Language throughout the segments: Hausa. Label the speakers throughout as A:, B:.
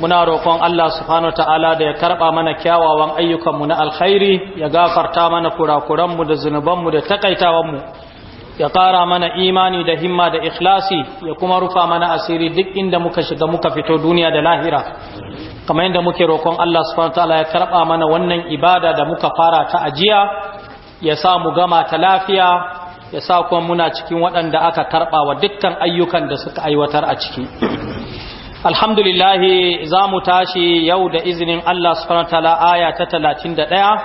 A: muna roƙon Allah subhanahu ta'ala da ya karɓa mana kyawawan ayyukanmu na alkhairi ya gafarta mana kurakuranmu da zunubanmu da takaitawanmu ya ƙara mana imani da himma da ikhlasi ya kuma rufa mana asiri duk inda muka shiga muka fito duniya da lahira kamar yadda muke roƙon Allah subhanahu ta'ala ya karɓa mana wannan ibada da muka fara ta ajiya ya sa mu gama ta lafiya ya sa kuma muna cikin waɗanda aka karɓa wa dukkan ayyukan da suka aiwatar a ciki alhamdulillah za mu tashi yau da izinin Allah subhanahu wa ta'ala aya ta 31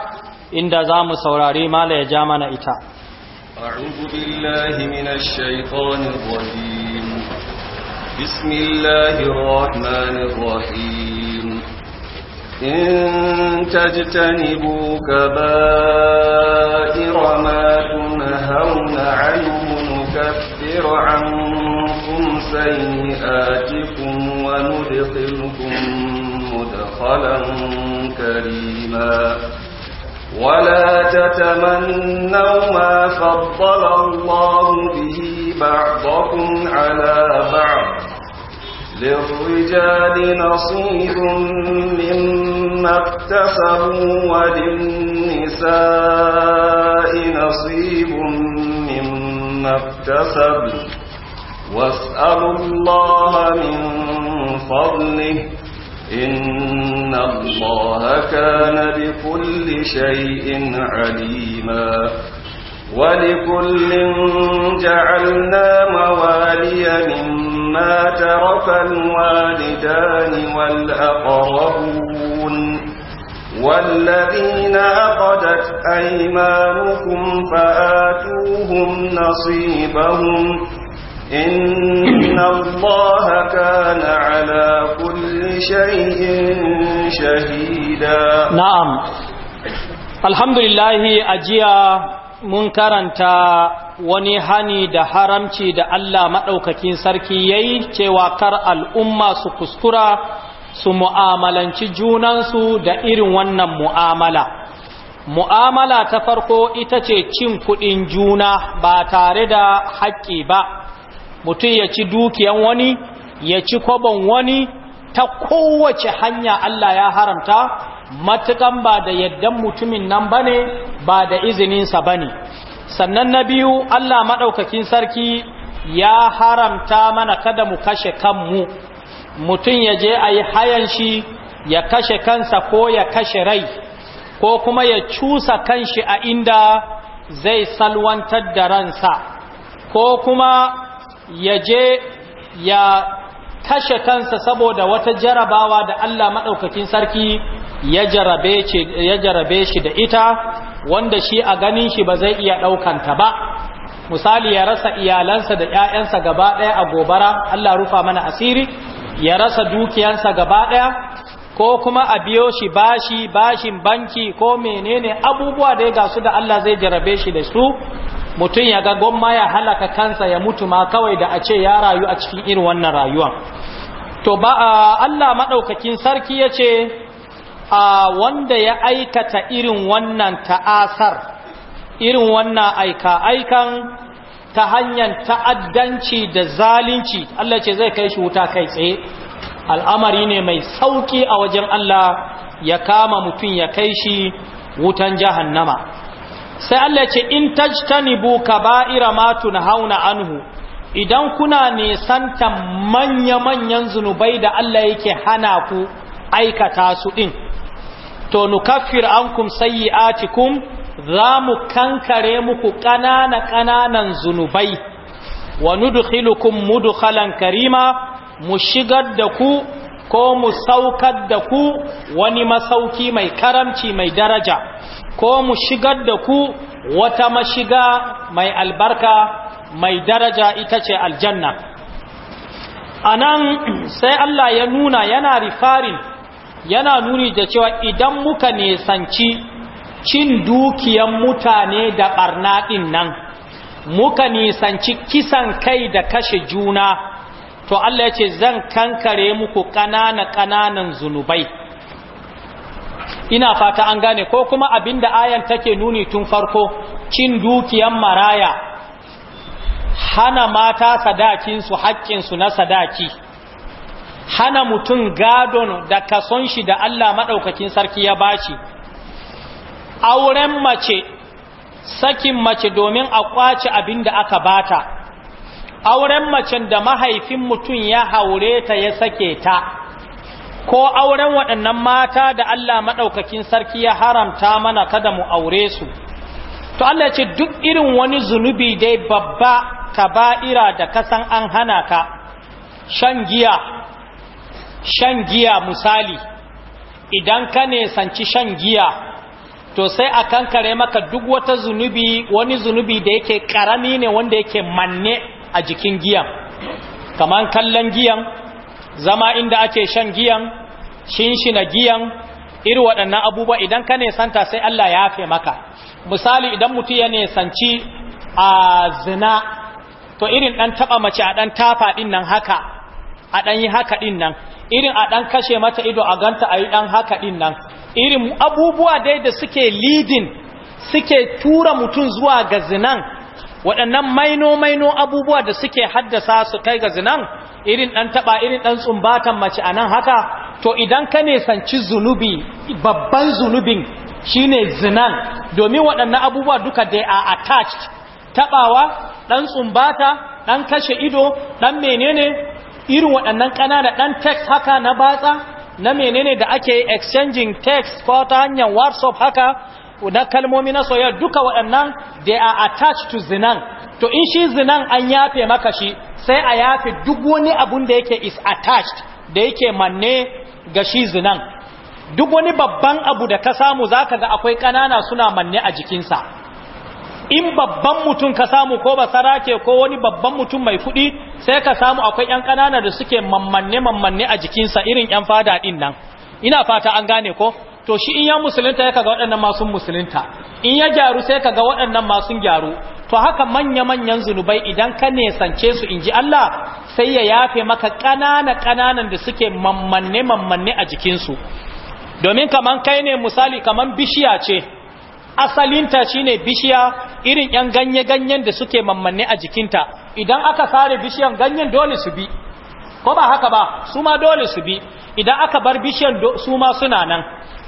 A: inda za mu saurari mala ya ja mana ita
B: a'udhu billahi
C: minash shaitanir rajim bismillahir rahmanir rahim in tajtanibu kaba'ira ma tunhauna 'anhu نكفر عنكم سيئاتكم وندخلكم مدخلا كريما ولا تتمنوا ما فضل الله به بعضكم على بعض للرجال نصيب مما اكتسبوا وللنساء نصيب ما واسألوا الله من فضله إن الله كان بكل شيء عليما ولكل جعلنا موالي مما ترك الوالدان والأقربون والذين أخذت أيمانكم فآتوهم نصيبهم إن الله كان على كل شيء شهيدا نعم
A: الحمد لله أجيا mun karanta wani hani da haramci da Allah maɗaukakin sarki ya yi cewa kar al’umma su kuskura su mu'amalanci junansu da irin wannan mu'amala mu'amala ta farko ita ce cin kuɗin juna ba tare da haƙƙi ba mutum ya ci dukiyan wani ya ci kwabon wani ta kowace hanya Allah ya haramta matukan ba da yaddan mutumin nan ba ne ba da izininsa ba ne sannan na biyu Allah maɗaukakin sarki ya haramta mana kada mu kashe kanmu mutum ya je a yi hayan shi ya kashe kansa ko ya kashe rai ko kuma ya cusa kanshi a inda zai salwantar da ransa ko kuma ya je ya kashe kansa saboda wata jarabawa da Allah maɗaukakin sarki ya jarabe shi da ita wanda shi a ganin shi ba zai iya ɗaukanta ba misali ya rasa iyalansa da ‘ya'yansa gaba ɗaya a gobara Allah rufa mana asiri ya rasa dukiyansa gaba ɗaya ko kuma a biyo shi bashi bashin banki ko menene abubuwa da ya gasu da Allah zai jarabe shi da su mutum ya ga gomma ya halaka kansa ya mutu ma kawai da a ce ya rayu a cikin irin wannan rayuwa to ba Allah maɗaukakin sarki yace a wanda ya aikata irin wannan ta'asar irin wannan aika aikan ta hanyar ta'addanci da zalunci Allah ce zai kai shi wuta kai tsaye al'amari ne mai sauki a wajen Allah ya kama mutum ya kai shi wutan jahannama sai Allah ce in tajtanibu kaba'ira ma tunhauna anhu idan kuna nesanta manya-manyan zunubai da Allah yake hana ku aikata su din to nukaffir ankum sayyi'atikum za mu kankare muku ƙanana ƙananan zunubai wa nudkhilukum mudkhalan karima mu shigar da ku ko mu saukar da ku wani masauki mai karamci mai daraja ko mu shigar da ku wata mashiga mai albarka mai daraja ita ce aljanna anan sai Allah ya nuna yana rifarin yana nuni da cewa idan muka nesanci cin dukiyan mutane da barna ɗin nan muka nisanci kisan kai da kashe juna to Allah ya ce zan kankare muku ƙanana ƙananan zunubai ina fata an gane ko kuma abinda ayan take nuni tun farko cin dukiyan maraya hana mata sadakinsu haƙƙinsu na sadaki hana mutum gadon da kason shi da Allah maɗaukakin sarki ya bashi auren mace sakin mace domin a kwace abin da aka bata auren macen da mahaifin mutum ya haure ta ya sake ta ko auren waɗannan mata da Allah maɗaukakin sarki ya haramta mana kada mu aure su to Allah ce duk irin wani zunubi dai babba ka kaba'ira da kasan an hana ka shan giya shan giya misali idan ka ne sanci shan giya to sai a kankare maka duk wata zunubi wani zunubi da yake karami ne wanda yake manne a jikin giyan kaman kallon giyan zama inda ake shan giyan shinshina giyan iri waɗannan abubuwa idan ka nesanta sai Allah ya fe maka misali idan mutum ya nesanci a zina to irin ɗan taɓa mace a ɗan tafa ɗin nan haka a ɗan yi haka ɗin nan irin a ɗan kashe mata ido a ganta a yi ɗan haka ɗin nan irin abubuwa dai da suke leading suke tura mutum zuwa ga zinan waɗannan maino-maino abubuwa da suke haddasa su kai ga zinan irin ɗan taɓa irin ɗan tsumbatan mace a nan haka to idan ka nesanci zunubi babban zunubin shine zinan domin waɗannan abubuwa duka dai a attached taɓawa ɗan tsumbata ɗan kashe ido ɗan menene irin waɗannan ƙanana ɗan text haka na batsa na menene da ake exchanging text ko ta hanyar whatsapp haka na kalmomi na soyayya duka waɗannan they are attached to zinan to in shi zinan an yafe maka shi sai a yafe duk wani abun da yake is attached da yake manne ga shi zinan duk wani babban abu da ka samu zaka ga akwai ƙanana suna manne a jikinsa in babban mutum ka samu ko ba sarake ko wani babban mutum mai kuɗi sai ka samu akwai ‘yan ƙanana da suke mammanne mammanne a jikinsa irin ‘yan fada ɗin nan ina fata an gane ko to shi in ya musulunta ya kaga waɗannan masu musulunta in ya gyaru sai ka ga waɗannan masu gyaru to haka manya-manyan zunubai idan ka nesance su in ji Allah sai ya yafe maka ƙanana-ƙananan da suke mammanne mammanne a jikinsu domin kaman kai ne misali kaman bishiya ce asalinta shine bishiya irin yan ganye-ganyen da suke mammanne a jikinta idan aka sare bishiyan ganyen dole su bi ko ba haka ba su ma dole su bi idan aka bar bishiyan su ma suna nan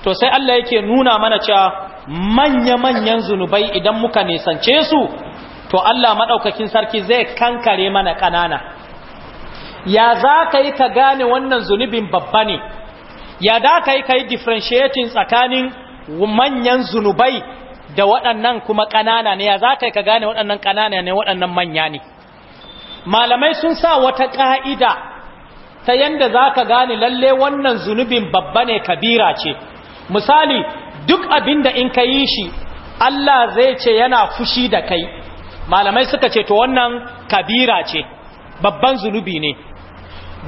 A: to sai Allah yake nuna mana cewa manya-manyan zunubai idan muka nisance su to Allah maɗaukakin sarki zai kankare mana ƙanana ya za ka yi ka gane wannan zunubin babba ne ya da ka yi ka yi differentiating tsakanin manyan zunubai da waɗannan kuma ƙanana ne ya za ka gane waɗannan ƙanana ne waɗannan manya ne malamai sun sa wata ƙa'ida ta yadda za ka gane lalle wannan zunubin babba ne kabira ce misali duk abin da in ka yi shi Allah zai ce yana fushi da kai malamai suka ce to wannan kabira ce babban zunubi ne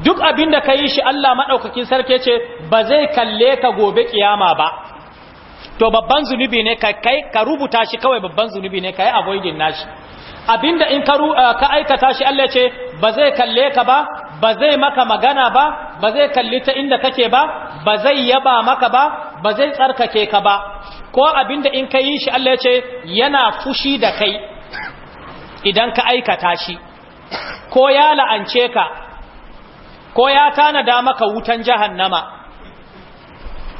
A: duk abin da ka yi shi Allah maɗaukakin sarki ce ba zai kalle ka gobe ƙiyama ba to babban zunubi ne ka kai ka rubuta shi kawai babban zunubi ne ka yi avoidin nashi abinda in ka eh, aikata shi Allah ce ba zai kalle ka ba ba zai maka magana ba ba zai kalli ta inda kake ba ba zai yaba maka ba ba zai tsarkake ka ba ko abinda in ka shi Allah ce yana fushi da kai idan ka aikata shi ko ya la'ance ka ko ya tanada maka wutan jahannama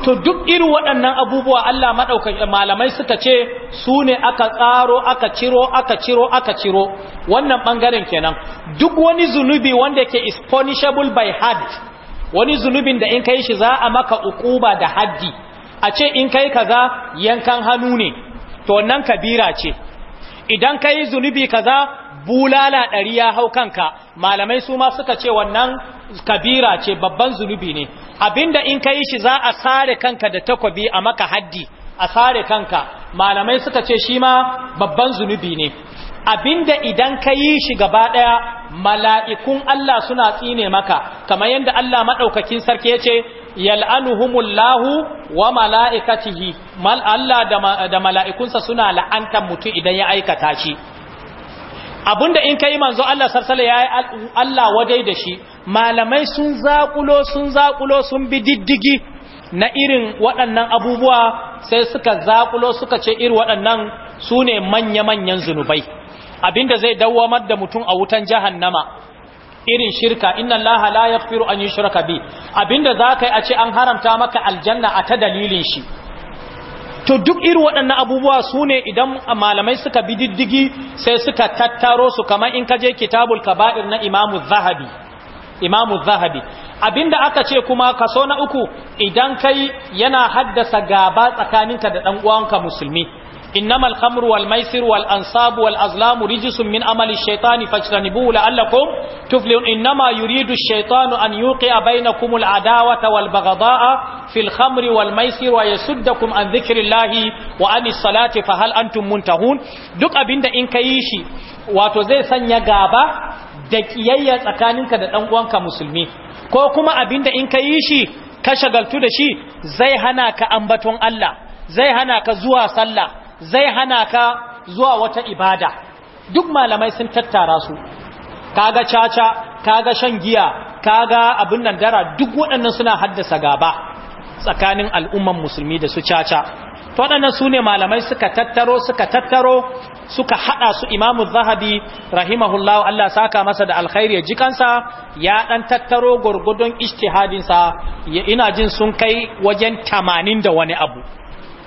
A: to duk irin waɗannan abubuwa Allah maɗaukaki malamai suka ce su ne aka tsaro aka ciro aka ciro aka ciro wannan ɓangaren kenan duk wani zunubi wanda ke is punishable by had wani zunubin da in kai shi za a maka ukuba da haddi a ce in kai kaza yankan hannu ne to wannan kabira ce idan kai zunubi kaza bulala ɗari ya hau kanka malamai su ma suka ce wannan kabira ce babban zunubi ne abinda in ka yi shi za a sare kanka da takwabi a maka haddi a sare kanka malamai suka ce shi ma babban zunubi ne abinda idan ka yi shi gaba ɗaya mala'ikun Allah suna tsine maka kamar yadda Allah maɗaukakin sarki ya ce yal'anuhumullahu wa mala'ikatihi mal Allah da, mala'ikunsa suna la'antar mutum idan ya aikata shi abinda in kai manzo Allah sarsala ya yi Allah wadai da shi malamai sun zakulo sun zakulo sun bi diddigi na irin waɗannan abubuwa sai suka zakulo suka ce irin waɗannan sune ne manya-manyan zunubai abinda zai dawamar da mutum a wutan jahannama irin shirka inna Allah la yaghfiru an yushraka bi abinda zakai a ce an haramta maka aljanna a ta dalilin shi to duk irin waɗannan abubuwa su ne idan malamai suka bi diddigi sai suka tattaro su kamar in kaje kitabul kaba'ir na imamu zahabi imamu zahabi abinda aka ce kuma kaso na uku idan kai yana haddasa gaba tsakaninka da ɗan uwanka musulmi innamal khamru wal maisir wal ansabu wal azlamu rijsun min amali shaitani fajtanibuhu la'allakum tuflihun innama yuridu shaitanu an yuqi'a bainakum al adawata wal baghdha'a fil khamri wal maisir wa yasuddakum an dhikrillahi wa anis salati fa hal antum muntahun duk abinda in kayi shi wato zai sanya gaba da kiyayya tsakaninka da ɗan uwanka musulmi ko kuma abinda in kayi shi ka shagaltu da shi zai hana ka ambaton Allah zai hana ka zuwa sallah zai hana ka zuwa wata ibada duk malamai sun tattara su kaga caca kaga shan giya kaga abin nan dara duk waɗannan suna haddasa gaba tsakanin al'umman musulmi da su caca to waɗannan su ne malamai suka tattaro suka tattaro suka haɗa su imamu zahabi rahimahullahu Allah saka masa da alkhairi ya jikansa ya ɗan tattaro gwargwadon ishtihadinsa ina jin sun kai wajen tamanin da wani abu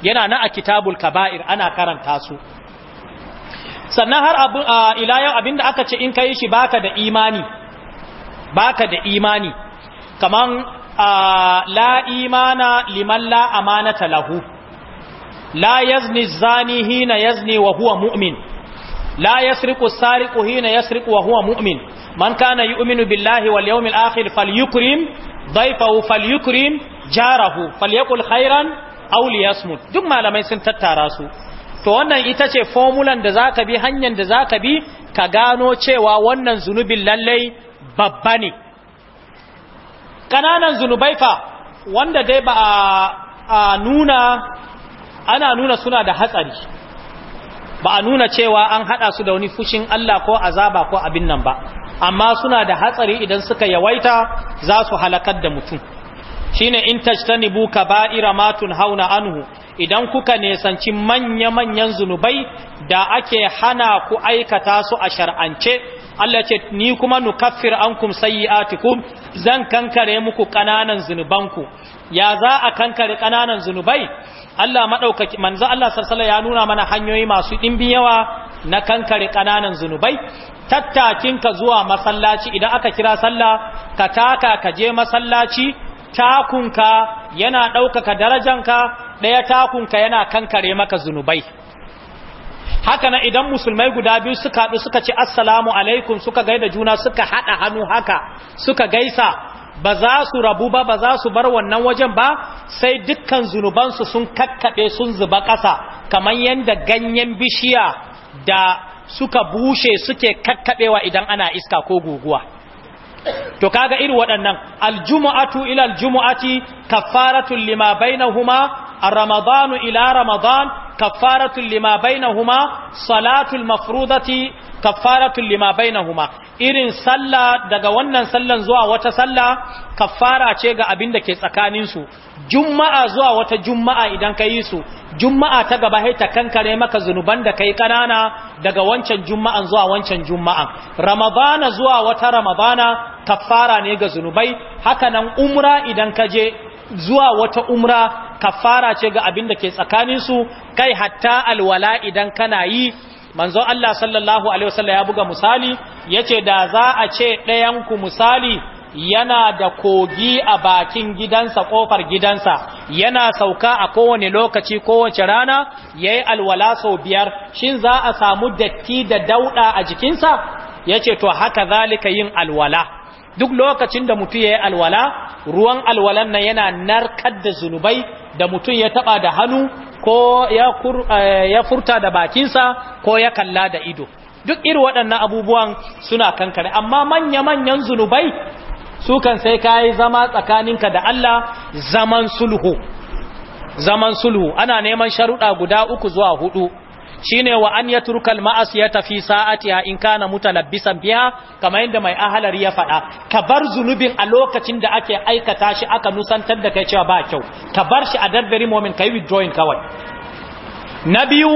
A: yana na a kitabul kaba'ir ana karanta su sannan har abu ila yau abinda aka ce in kai shi baka da imani baka da imani kaman la imana liman la amanata lahu la yazni zani hina yazni wa huwa mu'min la yasriqu sariqu hina yasriqu wa huwa mu'min man kana yu'minu billahi wal yawmil akhir falyukrim ضيفه فليكرم jarahu فليقل خيرا auliya duk malamai sun tattara su to wannan ita ce fomulan da za ka bi hanyar da za ka bi ka gano cewa wannan zunubin lallai babba ne ƙananan zunubai fa wanda dai ba a nuna ana nuna suna da hatsari ba a nuna cewa an haɗa su da wani fushin Allah ko azaba ko abin nan ba amma suna da hatsari idan suka yawaita za su halakar da mutum shine in tajtanibu kaba'ira ma hauna anhu idan kuka nesanci manya-manyan zunubai da ake hana ku aikata su a shar'ance Allah ce ni kuma nukaffir ankum sayyi'atikum zan kankare muku kananan zunubanku ya za a kankare kananan zunubai Allah madaukaki manzo Allah sallallahu ya nuna mana hanyoyi masu dimbin yawa na kankare kananan zunubai Tattakin ka zuwa masallaci idan aka kira sallah ka taka ka je masallaci takunka yana ɗaukaka darajanka ɗaya takunka yana kankare maka zunubai haka na idan musulmai guda biyu suka haɗu suka ci assalamu alaikum suka gaida juna suka haɗa hannu haka suka gaisa ba za su rabu ba ba za su bar wannan wajen ba sai dukkan zunubansu sun kakkaɓe sun zuba ƙasa kamar yadda ganyen bishiya da suka bushe suke kakkaɓewa idan ana iska ko guguwa to kaga iri waɗannan aljumu'atu ila aljumu'ati kafaratun lima bainahuma ar-ramadanu ila ramadan kaffaratul lima huma salatul mafrudati kaffaratul lima huma irin sallah daga wannan sallan zuwa wata sallah kaffara ce ga abin da ke tsakanin su juma'a zuwa wata juma'a idan ka yi su juma'a ta gaba sai ta kankare maka zunuban da ka yi ƙanana daga wancan juma'an zuwa wancan juma'an ramadana zuwa wata ramadana kaffara ne ga zunubai hakanan umra idan ka je zuwa wata umra kafara ce ga abin da ke tsakaninsu kai hatta alwala idan kana yi manzo Allah sallallahu alaihi wasallam ya buga misali yace da za a ce ɗayan ku misali yana da kogi a bakin gidansa kofar gidansa yana sauka a kowane lokaci kowace rana yayi alwala sau biyar shin za a samu datti da dauda a jikinsa yace to haka zalika yin alwala duk lokacin da mutum ya yi alwala ruwan alwalan nan yana narkar da zunubai da mutum ya taba da hannu ko eh, ya furta da bakinsa ko ya kalla da ido duk iri waɗannan abubuwan suna kankare amma manya-manyan zunubai su kan sai ka yi zama tsakaninka da Allah zaman sulhu zaman sulhu ana neman sharuɗa guda uku zuwa hudu shine wa an yatrukal ma'asiyata fi sa'atiha in kana mutalabbisan biha kamar yadda mai ahalar ya faɗa ka bar zunubin a lokacin da ake aikata shi aka nusantar da kai cewa ba kyau ka bar shi a darbari mu'min kai withdrawing kawai na biyu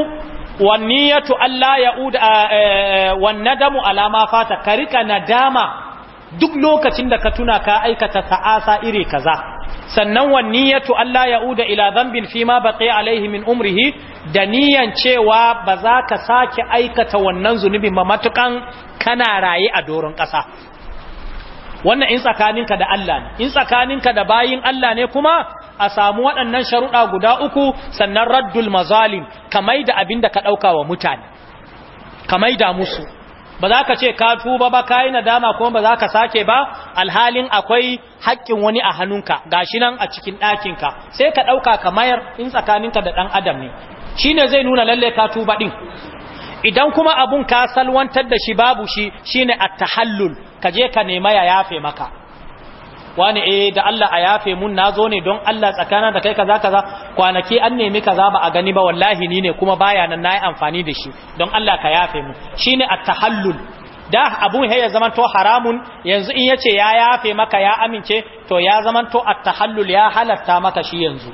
A: wan niyatu alla ya'ud eh, eh, wan nadamu ala ma fata ka rika nadama duk lokacin da ka tuna ka aikata ta'asa iri kaza sannan wa niyyatu Allah ya'uda ila dhanbin fi ma baqiya alaihi min umrihi da niyan cewa ba za ka sake aikata wannan zunubin ba matukan kana raye a doron ƙasa wannan in tsakaninka da Allah ne in tsakaninka da bayin Allah ne kuma a samu waɗannan sharuɗa guda uku sannan raddul mazalim kamai da abin da ka ɗauka wa mutane kamai da musu ba za ka ce ka tuba ba ka yi nadama kuma ba za ka sake ba alhalin akwai haƙƙin wani a hannunka gashi nan a cikin ɗakinka sai ka ɗauka ka mayar in tsakaninka da ɗan adam ne shi ne zai nuna lalle ka tuba ɗin idan kuma abun ka salwantar da shi babu shi shi ne a tahallul ka je ka nema ya yafe maka wani eh da Allah a yafe mun nazo ne don Allah tsakana da kai kaza kaza kwanaki an nemi kaza ba a gani ba wallahi ni ne kuma baya nan nayi amfani da shi don Allah ka yafe mu shine at-tahallul da abun ya zaman to haramun yanzu in yace ya yafe maka ya amince to ya zaman to at-tahallul ya halatta maka shi yanzu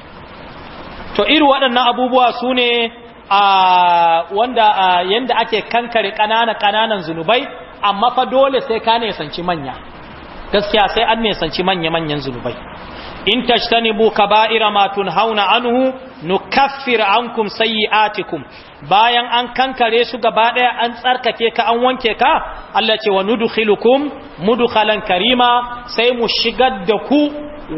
A: to irin waɗannan abubuwa sune a wanda yanda ake kankare kanana kananan zunubai amma fa dole sai ka ne sanci manya gaskiya sai an nesanci manya-manyan zunubai in tajtanibu kaba'ira ma tunhauna anhu nukaffir ankum sayyi'atikum bayan an kankare su gaba daya an tsarkake ka an wanke ka Allah ce wa nudkhilukum mudkhalan karima sai mu shigar da ku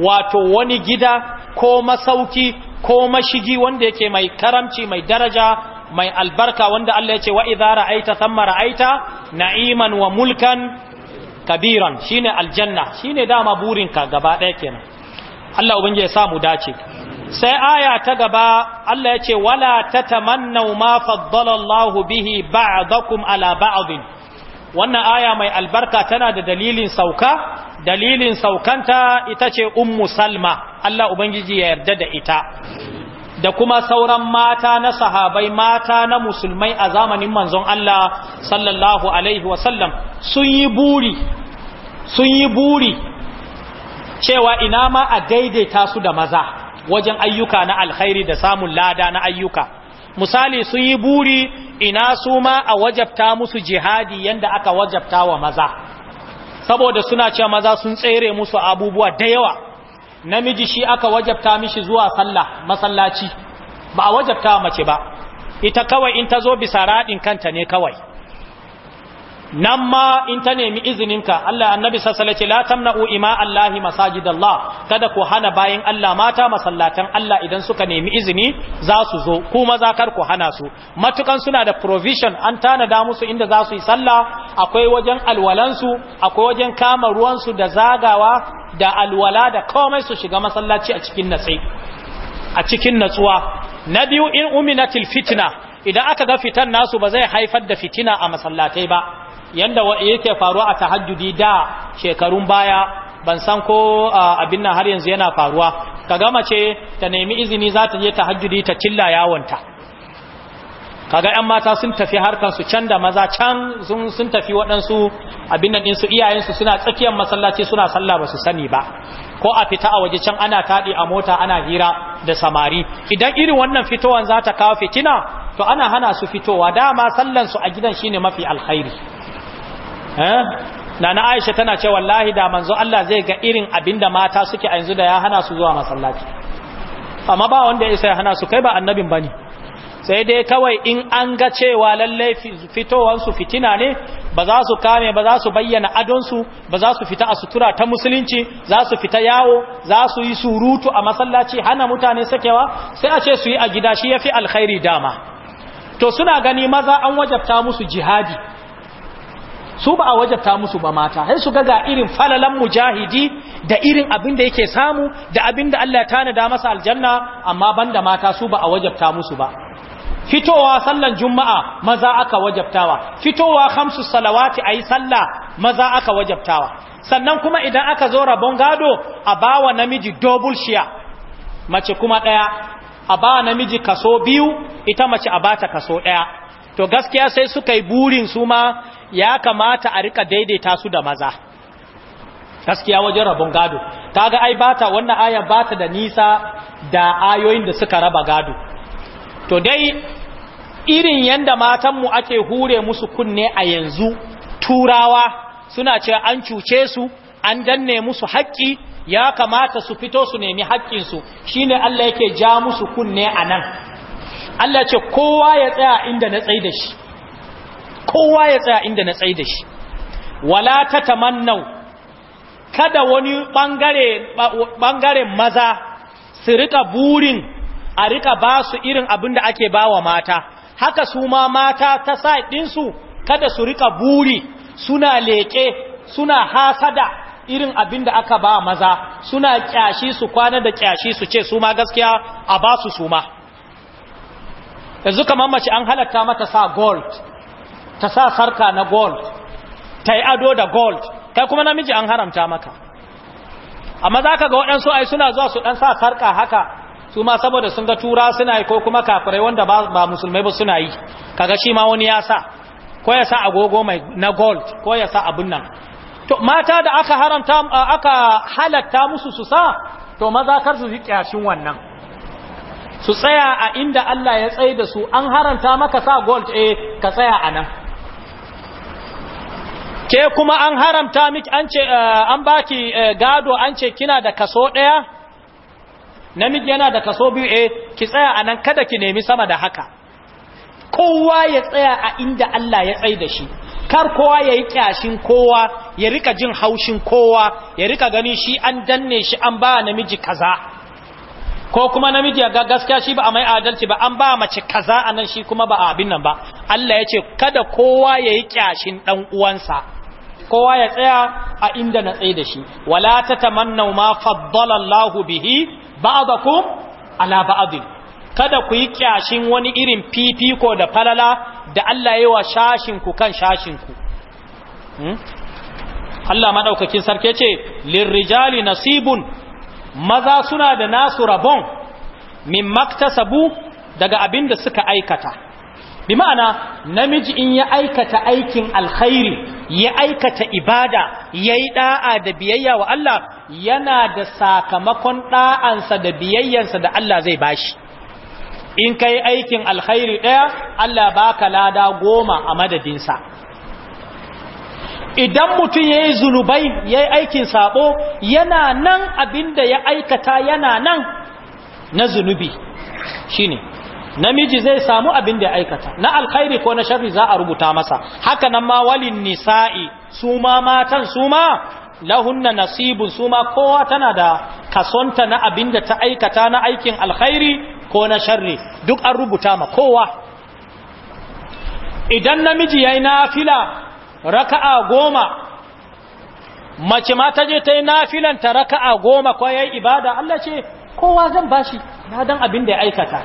A: wato wani gida ko masauki ko mashigi wanda yake mai karamci mai daraja mai albarka wanda Allah ya ce wa idza ra'aita thamma ra'aita na'iman wa mulkan kabiran shine aljanna shine dama burinka gaba ɗaya kenan Allah ya samu dace sai aya ta gaba Allah ya ce wala tatamannaw ma faddala bihi ba'dakum ala ba'din wannan aya mai albarka tana da dalilin sauka dalilin saukanta ita ce ummu salma Allah ubangiji ya yarda da ita da kuma sauran mata na sahabai mata na musulmai a zamanin manzon Allah sallallahu alaihi wasallam sun yi buri sun yi buri cewa ina ma a daidaita su da maza wajen ayyuka na alkhairi da samun lada na ayyuka misali sun yi buri ina su ma a wajabta musu jihadi yanda aka wajabta wa maza saboda suna cewa maza sun tsere musu abubuwa da yawa namiji shi aka wajabta mishi zuwa sallah masallaci ba a wajabta mace ba ita kawai in ta zo bisa raɗin kanta ne kawai nan ma in ta nemi izininka Allah annabi sassale ce la tamna'u ima Allahi masajidallah kada ku hana bayan Allah mata masallatan Allah idan suka nemi izini za su zo kuma za kar ku hana su matukan suna da provision an tanada musu inda za su yi sallah akwai wajen alwalansu akwai wajen kama ruwansu da zagawa da alwala da komai su shiga masallaci a cikin a cikin natsuwa na biyu in uminatil fitna idan aka ga fitan nasu ba zai haifar da fitina a masallatai ba yanda yake faruwa a tahajjudi da shekarun baya ban san ko abin nan har yanzu yana faruwa ka gama ce ta nemi izini za ta je tahajjudi ta cilla yawonta kaga yan mata sun tafi harkar su can da maza can sun tafi waɗansu abin nan ɗinsu iyayensu suna tsakiyar masallaci suna sallah ba su sani ba ko a fita a waje can ana taɗi a mota ana hira da samari idan irin wannan fitowan za ta kawo fitina to ana hana su fitowa dama sallansu a gidan shine mafi alkhairi Eh? Nana aisha tana ce wallahi da manzo Allah zai ga irin abinda mata suke a yanzu da ya hana su zuwa masallaci amma ba wanda ya isa ya hana su kai ba annabin bane sai dai kawai in an ga cewa lalle fitowansu fitina ne ba za su kame ba za su bayyana su ba za su fita a sutura ta musulunci za su fita yawo za su yi surutu a masallaci hana mutane sakewa sai a ce su yi a gida shi ya fi alkhairi dama to suna gani maza an wajabta musu jihadi su ba a wajabta musu ba mata sai su ga ga irin falalan mujahidi da irin abin da yake samu da abin da Allah ya tanada masa aljanna amma banda mata su ba a wajabta musu ba fitowa sallan juma'a maza aka wajabtawa fitowa khamsus salawati ayi sallah maza aka wajabtawa sannan kuma idan aka zo rabon gado a bawa namiji double share mace kuma daya a ba namiji kaso biyu ita mace a bata kaso daya to gaskiya sai suka yi burin su ma ya kamata a rika daidaita su da maza gaskiya wajen rabon gado kaga ai bata wannan aya bata da nisa da ayoyin da suka raba gado to dai irin yanda matan mu ake hure musu kunne a yanzu turawa suna ce an cuce su an danne musu haƙƙi ya kamata su fito su nemi su shine Allah yake ja musu kunne anan. nan Allah ce kowa ya tsaya inda na tsaye da shi kowa ya tsaya inda na tsaye da shi wala ta tamannau kada wani ɓangaren maza su rika burin a rika ba su irin abin da ake ba wa mata haka su ma mata ta sa ɗinsu kada su rika buri suna leƙe suna hasada irin abin da aka ba maza suna ƙyashi su kwana da ƙyashi su ce su ma gaskiya a ba su su ma yanzu kamar mace an halatta mata sa gold ta sa sarka na gold ta yi ado da gold kai kuma namiji an haramta maka amma za ka ga waɗansu ai suna zuwa su ɗan sa sarka haka su ma saboda sun ga tura suna yi ko kuma kafirai wanda ba musulmai ba suna yi kaga shi ma wani ya sa ko ya sa agogo mai na gold ko ya sa abun nan to mata da aka haramta aka halatta musu su sa to maza kar su ji wannan su tsaya a inda Allah ya tsaye da su an haramta maka sa gold eh ka tsaya a nan ke kuma an haramta miki an ce eh, an baki eh, gado an ce kina da kaso daya namiji yana da kaso biyu eh ki tsaya anan kada ki nemi sama da haka kowa ya tsaya a inda Allah ya tsai da shi kar kowa ya yi kyashin kowa ya rika jin haushin kowa ya rika gani shi an danne shi an ba namiji kaza ko kuma namiji ga gaskiya shi ba a mai adalci ba an ba mace kaza anan nan shi kuma ba a abin nan ba Allah ya ce kada kowa ya yi kyashin ɗan uwansa kowa ya tsaya a inda na tsaye da shi wala tatamannu ma faddala Allahu bihi ba'dakum ala ba'd kada ku yi kyashin wani irin fifiko da falala da Allah yayi wa shashin ku kan shashin ku hmm? Allah madaukakin sarki ce lirrijali nasibun maza suna da nasu rabon min maktasabu daga abin da suka aikata bi ma'ana namiji in ya aikata aikin alkhairi ya aikata ibada ya yi ɗa'a da biyayya wa Allah yana da sakamakon ɗa'ansa da biyayyansa da Allah zai bashi in ka aikin alkhairi ɗaya Allah baka lada goma a madadinsa idan mutum ya yi zunubai ya yi aikin sabo yana nan abinda ya aikata yana nan na zunubi shine namiji zai samu abin da ya aikata na alkhairi ko na sharri za a rubuta masa haka nan ma walin nisa'i su ma matan su ma lahunna nasibun su ma kowa tana da kasonta na abin da ta aikata na aikin alkhairi ko na sharri duk an rubuta ma kowa idan namiji yayi nafila raka'a goma mace ma ta je ta yi nafilan ta raka'a goma ko yayi ibada Allah ce kowa zan bashi na dan abin da ya aikata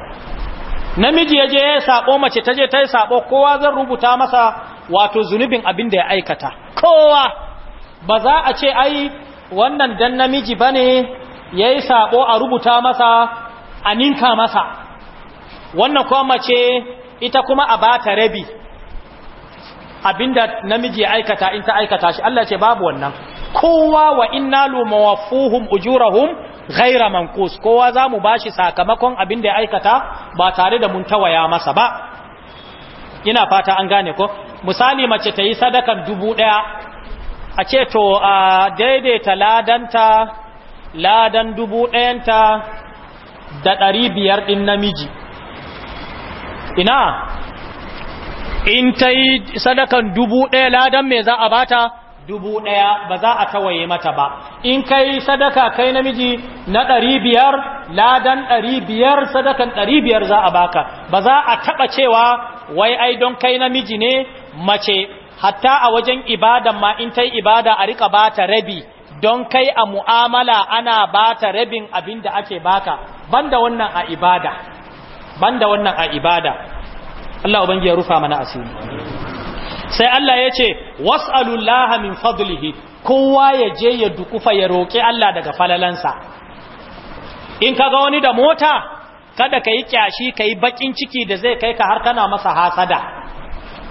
A: namiji ya je ya sabo mace ta je ta yi saɓo kowa zan rubuta masa wato zunubin abin da ya aikata kowa ba za a ce ai wannan dan namiji bane ya yi a rubuta masa a ninka masa wannan kuma mace ita kuma a ba ta rabi abinda namiji ya aikata in ta aikata shi Allah ce babu wannan kowa wa inna lumawafuhum ujurahum ghaira manqus kowa zamu bashi sakamakon abin da ya aikata ba tare da mun tawaya masa ba ina fata an gane ko misali mace ta yi sadakan dubu ɗaya a ce to a daidaita ladanta ladan dubu ɗayanta da ɗari biyar ɗin namiji ina in ta yi sadakan dubu ɗaya ladan me za a bata dubu ɗaya ba za a tawaye mata ba in kai sadaka kai namiji na ɗari biyar ladan ɗari biyar sadakan ɗari biyar za a baka ba za a taɓa cewa wai ai don kai namiji ne mace hatta a wajen ibada ma in ta ibada a riƙa bata rabi don kai a mu'amala ana bata rabin abinda ake baka banda wannan a ibada banda wannan a ibada Allah ubangiji ya rufa mana asiri sai Allah ya ce was'alullaha min fadlihi kowa ya je ya dukufa ya roƙi Allah daga falalansa in ka ga wani da mota kada ka yi kyashi ka yi bakin ciki da zai kai ka har kana masa hasada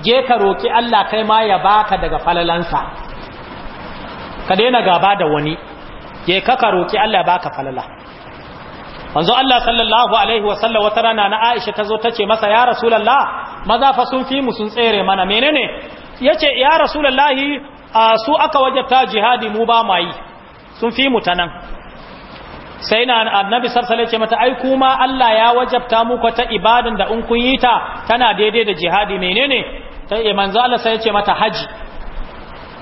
A: je ka roƙi Allah kai ma ya baka daga falalansa ka daina gaba da wani je ka ka roƙi Allah ya baka falala manzo Allah sallallahu alaihi wasallam wata rana na Aisha tazo tace masa ya rasulullah maza fa sun fi mu sun tsere mana menene yace ya rasulullahi su aka wajabta jihadi mu ba mai sun fi mu tanan sai na annabi sarsale ce mata ai kuma Allah ya wajabta muku ta ibadan da in kun yi ta tana daidai da jihadi menene ta manzo Allah sai ya ce mata haji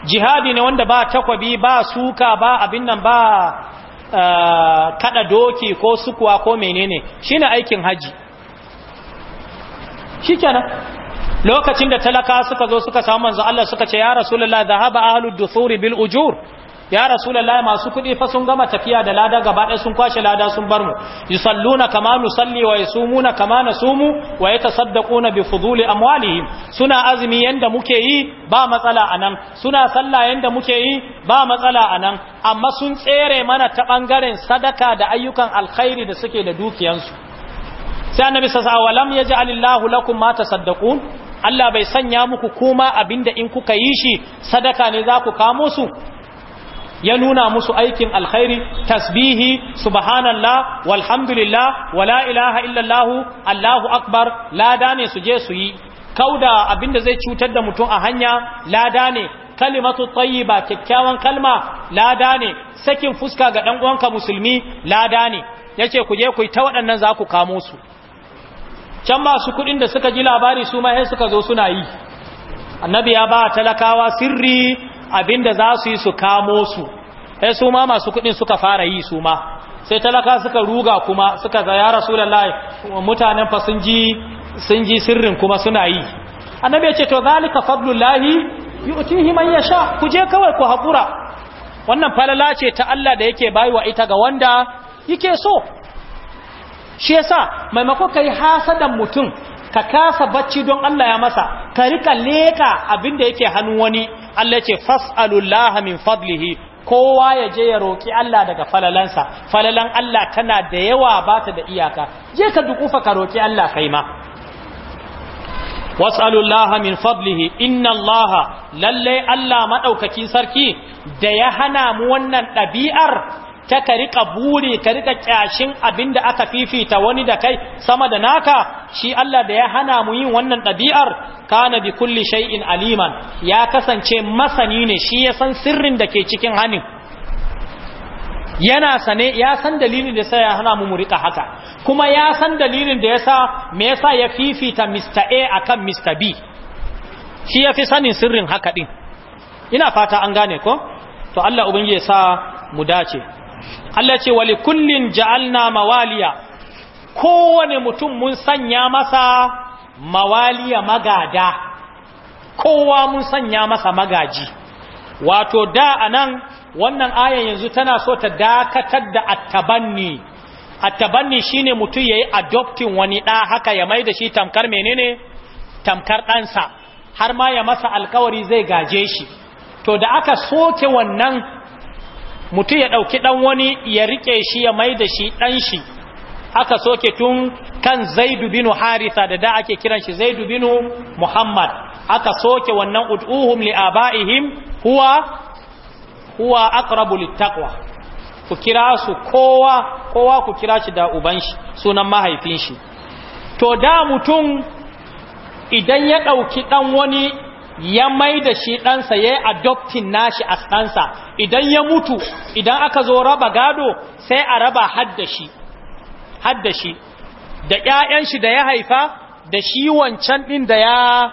A: jihadi ne wanda ba takwabi ba suka ba abin nan ba kada doki ko sukuwa ko menene shine aikin haji shikenan lokacin da talaka suka zo suka samu manzo Allah suka ce ya rasulullah dhahaba ahlud duthuri bil ujur ya rasulullahi masu kuɗi fa sun gama tafiya da lada gaba ɗaya sun kwashe lada sun bar mu yusalluna kama nusalli wa yasumuna kama nasumu wa yatasaddaquna bi fuduli amwalihim suna azumi yanda muke yi ba matsala anan suna sallah yanda muke yi ba matsala anan amma sun tsere mana ta bangaren sadaka da ayyukan alkhairi da suke da dukiyansu sai annabi sallallahu ya ji yaj'alillahu lakum ma tasaddaqun Allah bai sanya muku kuma abinda in kuka yi shi sadaka ne za ku kamo su ya nuna musu aikin alkhairi tasbihi subhanallah walhamdulillah wala ilaha illallah allahu akbar lada ne su je su yi kauda abinda zai cutar da mutum a hanya lada ne kalimatu tayyiba kyakkyawan kalma lada ne sakin fuska ga dan uwanka musulmi lada ne yace ku je ku yi ta waɗannan za ku kamo su can masu kuɗin da suka ji labari su ma sai suka zo suna yi annabi ya ba talakawa sirri abinda za su yi su kamo su sai eh, su ma masu kuɗin suka fara yi su ma sai talaka suka ruga kuma suka ya rasulullahi mutanen fa sun ji sun ji sirrin kuma suna yi annabi ya ce to zalika fadlullahi yu'tihi man yasha ku je kawai ku hakura wannan falala ce ta Allah da yake baiwa ita ga wanda yake so shi yasa maimakon kai hasadan mutum ka kasa bacci don Allah ya masa ka rika leka abinda yake hannu wani Allah ce fas'alullaha min fadlihi kowa ya je ya roki Allah daga falalansa falalan Allah tana da yawa ba ta da iyaka je ka dukufa ka roki Allah kai ma was'alullaha min fadlihi inna Allah lalle Allah madaukakin sarki da ya hana mu wannan ɗabi'ar ta ka rika buri ka rika kyashin da aka fifita wani da kai sama da naka shi Allah da ya hana mu yin wannan ɗabi'ar kana bi kulli shay'in aliman ya kasance masani ne shi ya san sirrin da ke cikin hanin yana sane ya san dalilin da yasa ya hana mu mu rika haka kuma ya san dalilin da yasa me yasa ya fifita Mr A akan Mr B shi ya fi sanin sirrin haka din ina fata an gane ko to Allah ubangiji ya sa mu dace Allah ce wali kullin ja'alna mawaliya kowane mutum mun sanya masa mawaliya magada kowa mun sanya masa magaji wato da anan wannan ayan yanzu tana so ta dakatar da attabanni attabanni shine mutum yayi adopting wani da haka ya maida shi tamkar menene tamkar ɗansa har ma ya masa alkawari zai gaje shi to da aka soke wannan mutum ya ɗauki ɗan wani ya riƙe shi ya mai da shi ɗan shi aka soke tun kan zaidu binu harisa da da ake kiran shi zaidu binu muhammad aka soke wannan ud'uhum li abaihim huwa huwa aqrabu littaqwa ku kira su kowa kowa ku kira shi da uban shi sunan mahaifin shi to da mutum idan ya ɗauki ɗan wani ya mai da shi ɗansa ya yi adoptin nashi a ɗansa idan ya mutu idan aka zo raba gado sai a raba haddashi da ƴaƴan shi da ya haifa da shi wancan ɗin da ya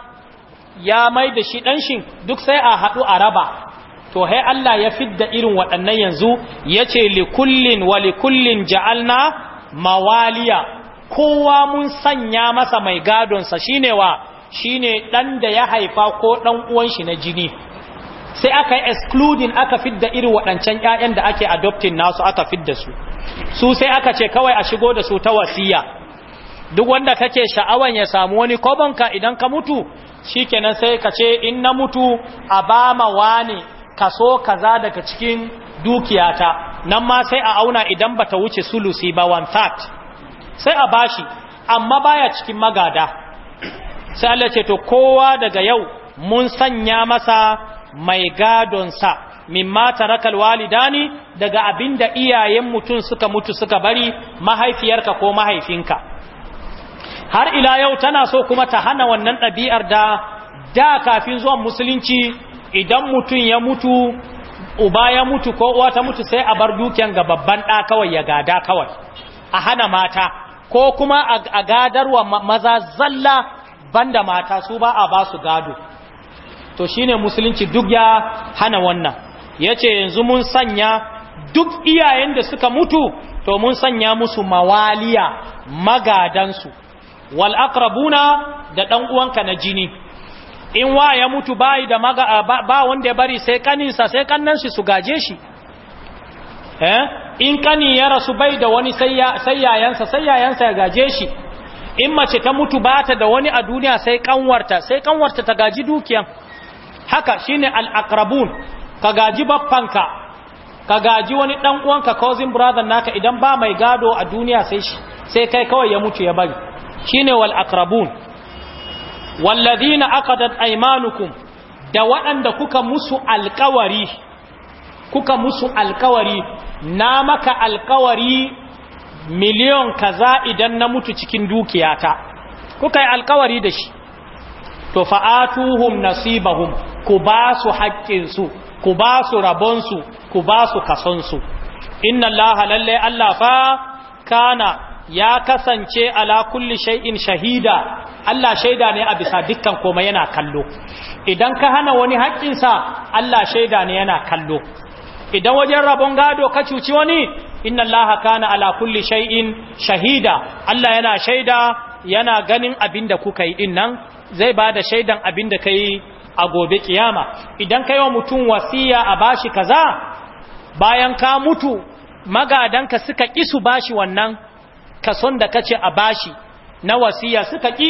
A: ya mai da shi ɗanshin duk sai a haɗu a raba to hai Allah ya fidda irin waɗannan yanzu ya ce likullin wa likullin ja'alna mawaliya kowa mun sanya masa mai gadonsa shine wa shine dan da ya haifa ko dan uwan shi na jini sai aka yi excluding aka fidda irin waɗancan ƴaƴan da ake adopting nasu aka fidda su su sai aka ce kawai a shigo da su ta wasiya duk wanda kake sha'awan ya samu wani kobonka idan ka mutu shikenan sai ka ce in na mutu a ba ma wani kaso kaza daga cikin dukiyata nan ma sai a auna idan bata wuce sulusi ba one third sai a bashi amma baya cikin magada sai Allah ce to kowa daga yau mun sanya masa mai gadonsa mimma tarakal walidani daga abinda iyayen mutum suka mutu suka bari mahaifiyarka ko mahaifinka har ila yau tana so kuma ta hana wannan ɗabi'ar da da kafin zuwan musulunci idan mutum ya mutu uba ya mutu ko uwa ta mutu sai a bar dukiyan ga babban ɗa kawai ya gada kawai a hana mata ko kuma a gadarwa maza zalla banda mata su ba a ba su gado to shine musulunci duk ya hana wannan yace yanzu mun sanya duk iyayen da suka mutu to mun sanya musu mawaliya magadansu wal aqrabuna da dan uwanka na jini in wa ya mutu bai da maga ba wanda ya bari sai kaninsa sai kannan su gaje shi eh in kani ya rasu bai da wani sai yayansa sai yayansa ya gaje shi in mace ta mutu bata da wani a duniya sai kanwarta sai kanwarta ta gaji dukiyan haka shine al-aqrabun ka gaji baffanka ka gaji wani dan uwanka cousin brother naka idan ba mai gado a duniya sai shi sai kai kawai ya mutu ya bari shine wal aqrabun walladhina aqadat aymanukum da waɗanda kuka musu alƙawari kuka musu alkawari na maka alkawari miliyon kaza idan na mutu cikin dukiyata kuka yi alkawari da shi to fa'atuhum nasibahum ku ba su haƙƙinsu ku ba su rabonsu ku ba su kasonsu inna allaha lallai allah fa kana ya kasance ala kulli shay'in shahida Allah shaida ne a bisa dukkan komai yana kallo idan ka hana wani haƙƙinsa Allah shaida ne yana kallo idan wajen rabon gado ka cuci wani inna allaha kana ala kulli shay'in shahida Allah yana shaida yana ganin abin da kuka yi din nan zai bada shaidan abin abinda kai a gobe kiyama idan kai wa mutum wasiya a bashi kaza bayan ka mutu magadanka suka ki su bashi wannan kason da kace a bashi na wasiya suka ki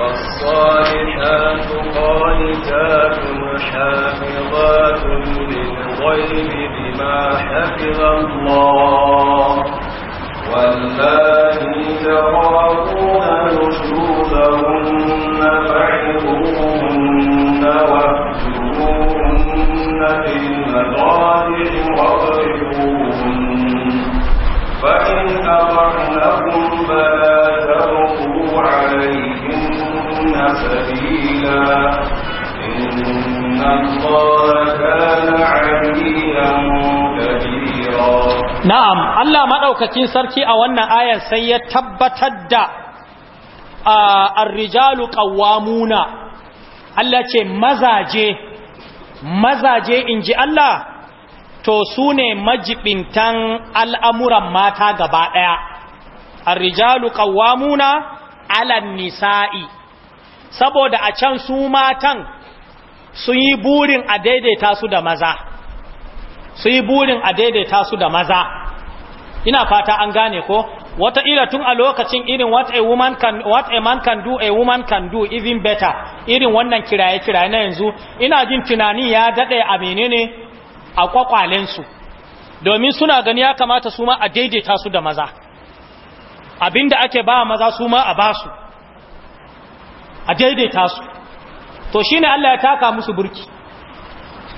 B: والصالحات قانتات حافظات للغيب بما حفظ الله واللاتي تراكون نشوزهن فعظوهن واهجروهن في المضاجع واضربوهن فإن سبيلا إن الله كان a كبيرا
A: نعم الله ya tabbatar سركي أو أن آية الرجال قوامون Allah ce mazaje mazaje in ji Allah to su ne majibintan al'amuran mata gaba ɗaya, arrijalu ƙawamuna alan nisa'i. saboda a can su matan sun yi burin a daidaita su da maza sun yi burin a daidaita su da maza ina fata an gane ko wata ira tun a lokacin irin what a woman can what a man can do a woman can do even better irin wannan kiraye kiraye na yanzu ina jin tunani ya dade a menene a kwakwalen su domin suna gani ya kamata su ma a daidaita su da maza abinda ake ba maza su ma a basu a daidaita su to shine Allah ya taka musu burki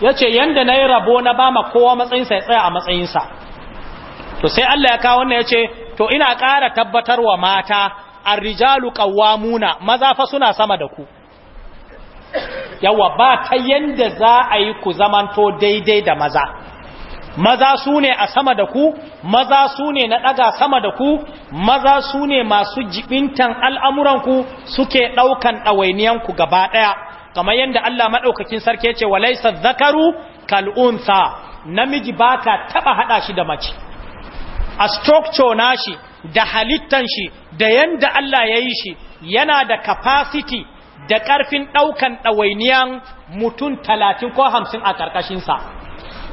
A: yace yanda nayi rabo na bama kowa matsayinsa ya tsaya a matsayinsa to sai Allah ya kawo wannan yace to ina ƙara tabbatarwa mata ar-rijalu qawwamuna maza fa suna sama da ku yawa ba ta yanda za a yi ku zamanto daidai da maza maza su ne a sama da ku maza su ne na ɗaga sama da ku maza su ne masu jibintan al'amuranku suke ɗaukan ɗawainiyanku gaba ɗaya kamar yadda Allah maɗaukakin sarki ce walaisa zakaru kal'unsa namiji ba ka taɓa haɗa shi da mace a structure na shi da halittan shi da yadda Allah ya yi shi yana da capacity da ƙarfin ɗaukan ɗawainiyan mutum talatin ko hamsin a ƙarƙashinsa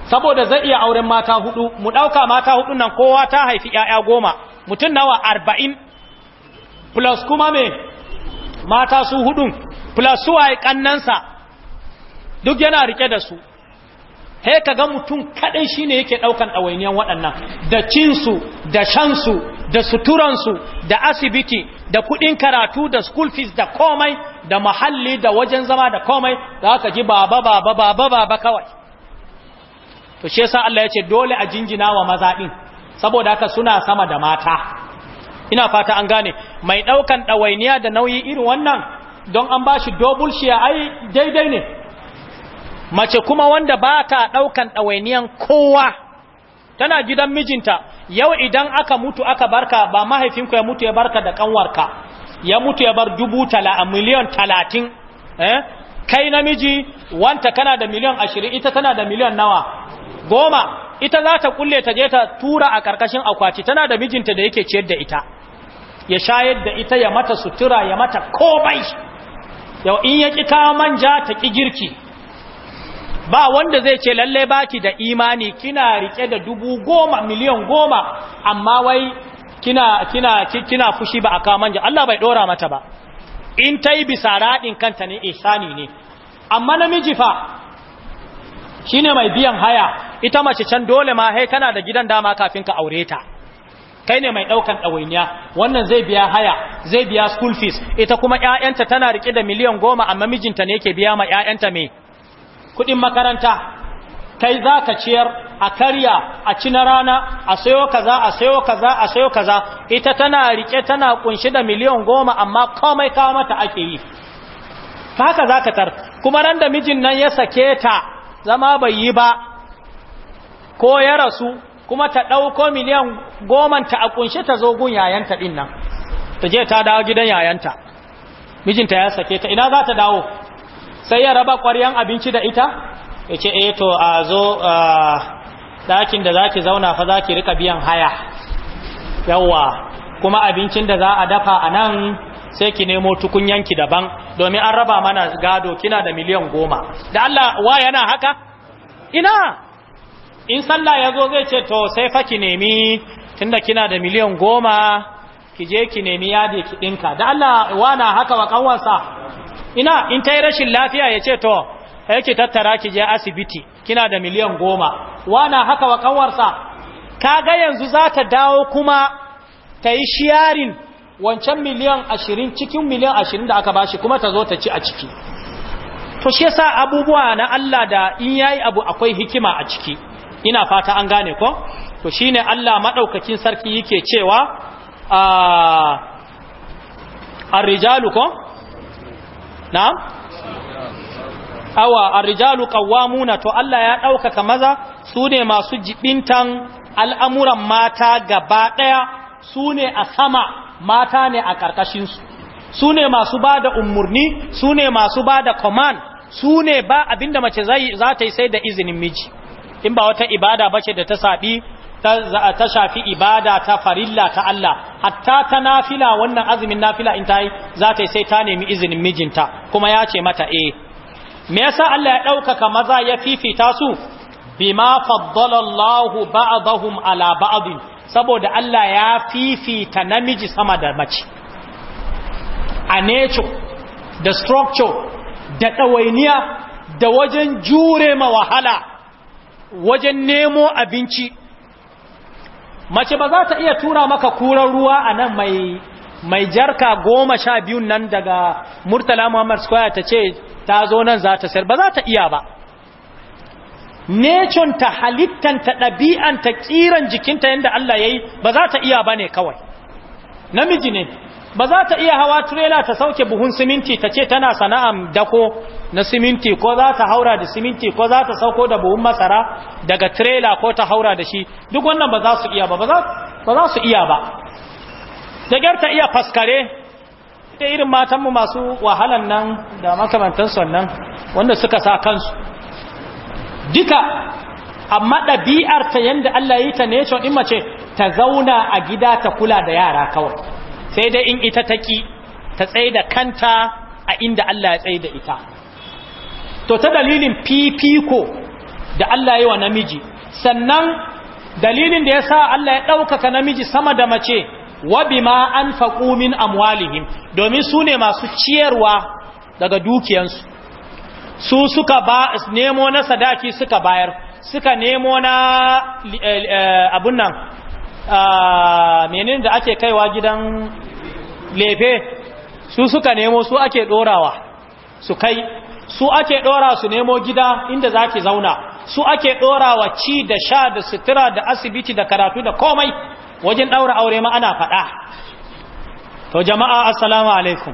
A: saboda zai iya auren mata hudu mu dauka mata hudun nan kowa ta haifi yaya goma mutum nawa arba'in plus kuma me mata su hudun plus su waye kannansa duk yana rike da su he ga mutum kadai shine yake daukan dawainiyan waɗannan da cinsu da shansu da suturansu da asibiti da kudin karatu da school fees da komai da mahalli da wajen zama da komai za ka ji baba baba baba baba kawai to shi yasa Allah ya ce dole a jinjina wa maza din saboda haka suna sama da mata ina fata an gane mai daukan dawainiya da nauyi irin wannan don an bashi double share ai daidai ne mace kuma wanda ba ta daukan dawainiyan kowa tana gidan mijinta yau idan aka mutu aka barka ba mahaifinku ya mutu ya barka da kanwarka ya mutu ya bar dubu tala a miliyan talatin eh? kai namiji wanta kana da miliyan ashirin ita tana da miliyan nawa goma ita za ta kulle ta je ta tura a ƙarƙashin akwati tana da mijinta da yake ciyar da ita ya shayar da ita ya mata sutura ya mata komai yau in ya ƙi kawo manja ta ƙi girki ba wanda zai ce lallai baki da imani kina rike da dubu goma miliyan goma amma wai kina kina kina fushi ba a kawo manja Allah bai ɗora mata ba in ta yi bisa raɗin kanta ne ihsani ne amma namiji fa shine mai biyan haya ita mace can dole ma hai kana da gidan dama kafin ka aure ta kai ne mai daukan ɗawainiya wannan zai biya haya zai biya school fees ita kuma ƴaƴanta tana rike da miliyan goma amma mijinta ne yake biya ma ƴaƴanta me kuɗin makaranta kai za ka ciyar a karya a ci rana a sayo kaza a sayo kaza a sayo kaza ita tana rike tana kunshi da miliyan goma amma komai kawo mata ake yi haka za ka tar kuma ran da mijin nan ya sake ta zama bai yi ba ko ya rasu kuma ta ɗauko miliyan ta a kunshe ta zo gun yayanta ɗin nan ta je ta dawo gidan yayanta mijinta ya sake ta ina za ta dawo sai ya raba ƙwaryan abinci da ita ya ce eh to a zo ɗakin da za ki zauna fa za ki rika biyan haya yawwa kuma abincin da za a dafa a nan sai ki nemo tukunyanki daban domin an raba mana gado kina da miliyan goma da Allah wa yana haka ina in sallah ya zo zai ce to sai fa ki nemi tunda kina da miliyan goma ki je ki nemi yadi ki ɗinka da Allah wana haka wa ƙanwansa ina in ta yi rashin lafiya ya ce to ki tattara ki je asibiti kina da miliyan goma wana haka wa ƙanwarsa kaga yanzu za ta dawo kuma ta yi shiyarin wancan miliyan ashirin cikin miliyan ashirin da aka bashi kuma ta zo ta ci a ciki to shi yasa abubuwa na Allah da in yayi abu akwai hikima a ciki ina fata an gane ko to shine Allah madaukakin sarki yake cewa a ar-rijalu ko na'am awa ar-rijalu qawwamuna to Allah ya ɗaukaka maza su ne masu jibintan al'amuran mata gaba daya su ne a sama mata ne a ƙarƙashinsu su ne masu bada umurni su ne masu bada command su ne ba abinda mace za ta yi sai da izinin miji in ba wata ibada ba ce da ta saɓi ta shafi ibada ta farilla ta Allah hatta ta nafila wannan azumin nafila in ta yi za ta yi sai ta nemi izinin mijinta kuma ya ce mata eh me yasa Allah ya ɗaukaka maza ya fifita su bima faddalallahu ba'dahum ala ba'd saboda Allah ya fifita namiji sama da mace a nature da structure da ɗawainiya da wajen jure ma wahala wajen nemo abinci mace ba za ta iya tura maka kuran ruwa a nan mai mai jarka goma sha biyun nan daga murtala muhammad square ta ce ta zo nan za ta sayar ba za ta iya ba ta halittanta ɗabi'anta ƙiran jikinta yadda Allah ya yi ba za ta iya ba ne kawai namiji ne ba za ta iya hawa trela ta sauke buhun siminti ta ce tana sana'an dako na siminti ko za ta haura da siminti ko za ta sauko da buhun masara daga trela ko ta haura da shi duk wannan ba za su iya ba ba za su iya ba da ta iya faskare da irin matanmu masu wahalan nan da makamantan sannan wanda suka sa kansu duka amma ɗabi'arta yadda Allah yi ta ne in mace ta zauna a gida ta kula da yara kawai sai dai in ita ta ki ta tsaida kanta a inda Allah ya tsaye da ita to ta dalilin fifiko da Allah ya wa namiji sannan dalilin da ya sa Allah ya ɗaukaka namiji sama da mace wa bima an faƙumin min amwalihim domin su ne masu ciyarwa daga dukiyansu su suka ba nemo na sadaki suka bayar suka nemo na eh, eh, abun nan menin da ake kaiwa gidan lefe su suka nemo su ake dorawa su kai su ake dora su nemo gida inda zaki zauna su ake dorawa ci da sha da sutura da asibiti da karatu da komai wajen daura aure ma ana faɗa to jama'a assalamu alaikum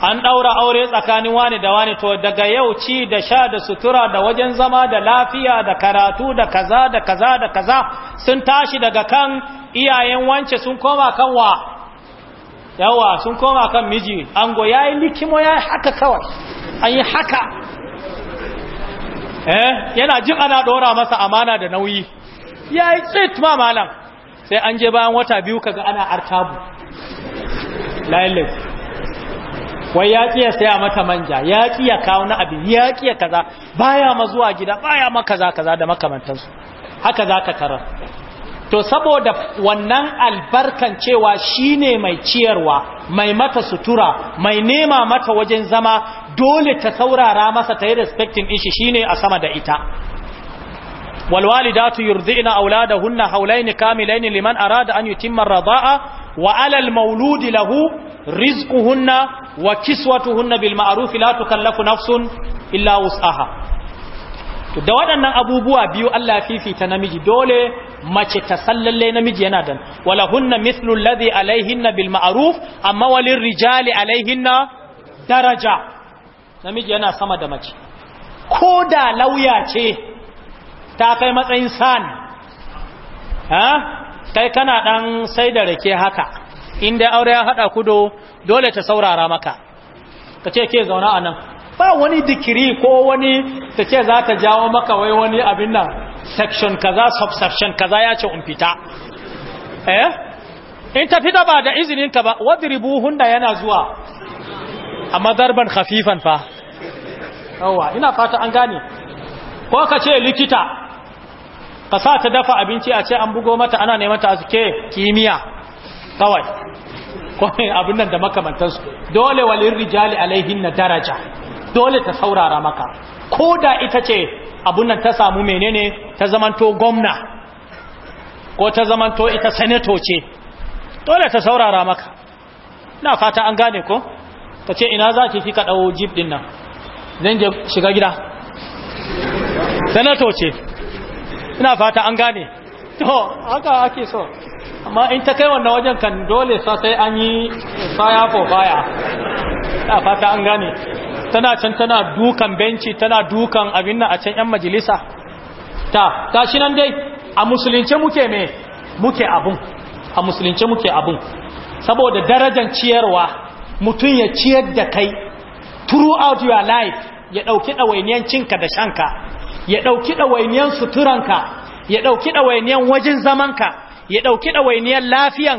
A: an ɗaura aure tsakanin wani da wani to daga yau ci da sha da sutura da wajen zama da lafiya da karatu da kaza da kaza da kaza sun tashi daga kan iyayen wance sun koma kan wa yawa sun koma kan miji ango ya yi likimo ya yi haka kawai an yi haka eh yana jin ana ɗora masa amana da nauyi ya yi tsit ma malam sai an je bayan wata biyu kaga ana artabu lailai wai ya kiya saya mata manja ya kiya kawo na abin ya kaza baya ma zuwa gida baya ma kaza kaza da makamantansu haka za ka tarar to saboda wannan albarkan cewa shine mai ciyarwa mai mata sutura mai nema mata wajen zama dole ta saurara masa ta yi respecting din shine a sama da ita walwalidatu da auladahunna haulaini kamilaini liman arada an yutimma ar-rida'a wa 'ala al-mawludi lahu rizquhunna wa kiswatuhunna bil ma'ruf la tukallafu nafsun illa wus'aha to da waɗannan abubuwa biyu Allah fifita namiji dole mace ta sallalle namiji yana da wala hunna mithlu alladhi alaihinna bil ma'ruf amma walin rijali alaihinna daraja namiji yana sama da mace ko da lauya ce ta kai matsayin san ha kai kana dan sai da rake haka inda aure ya haɗa kudo dole ta saurara maka ka ce ke zauna a nan ba wani dikiri ko wani ta ce za ta jawo maka wai wani abin nan section kaza subsection kaza ya ce umfita eh in ta fita ba da izininka ba wadribu hunda yana zuwa amma darban khafifan fa yawa ina fata an gane ko ka ce likita ka sa ta dafa abinci a ce an bugo mata ana neman ta azuke kawai kawai abin nan da makamantansu dole walin rijali alaihin na daraja dole ta saurara maka ko da ita ce abin nan ta samu menene ta zamanto gwamna ko ta zamanto ita senato ce dole ta saurara maka na fata an gane ko ta ce ina za ki kika ɗau jib ɗin nan zan je shiga gida senato ce ina fata an gane to haka ake so amma in ta kai wannan wajen kan dole sa sai an yi faya ko baya a fata an gane tana can tana dukan benci tana dukan abin nan a can yan majalisa ta tashi nan dai a musulunce muke me muke abun a musulunce muke abun saboda darajar ciyarwa mutum ya ciyar da kai throughout your life ya dauki dawainiyan cinka da shanka ya dauki dawainiyan suturanka ya dauki dawainiyan wajin zamanka ya ɗauki ɗawainiyar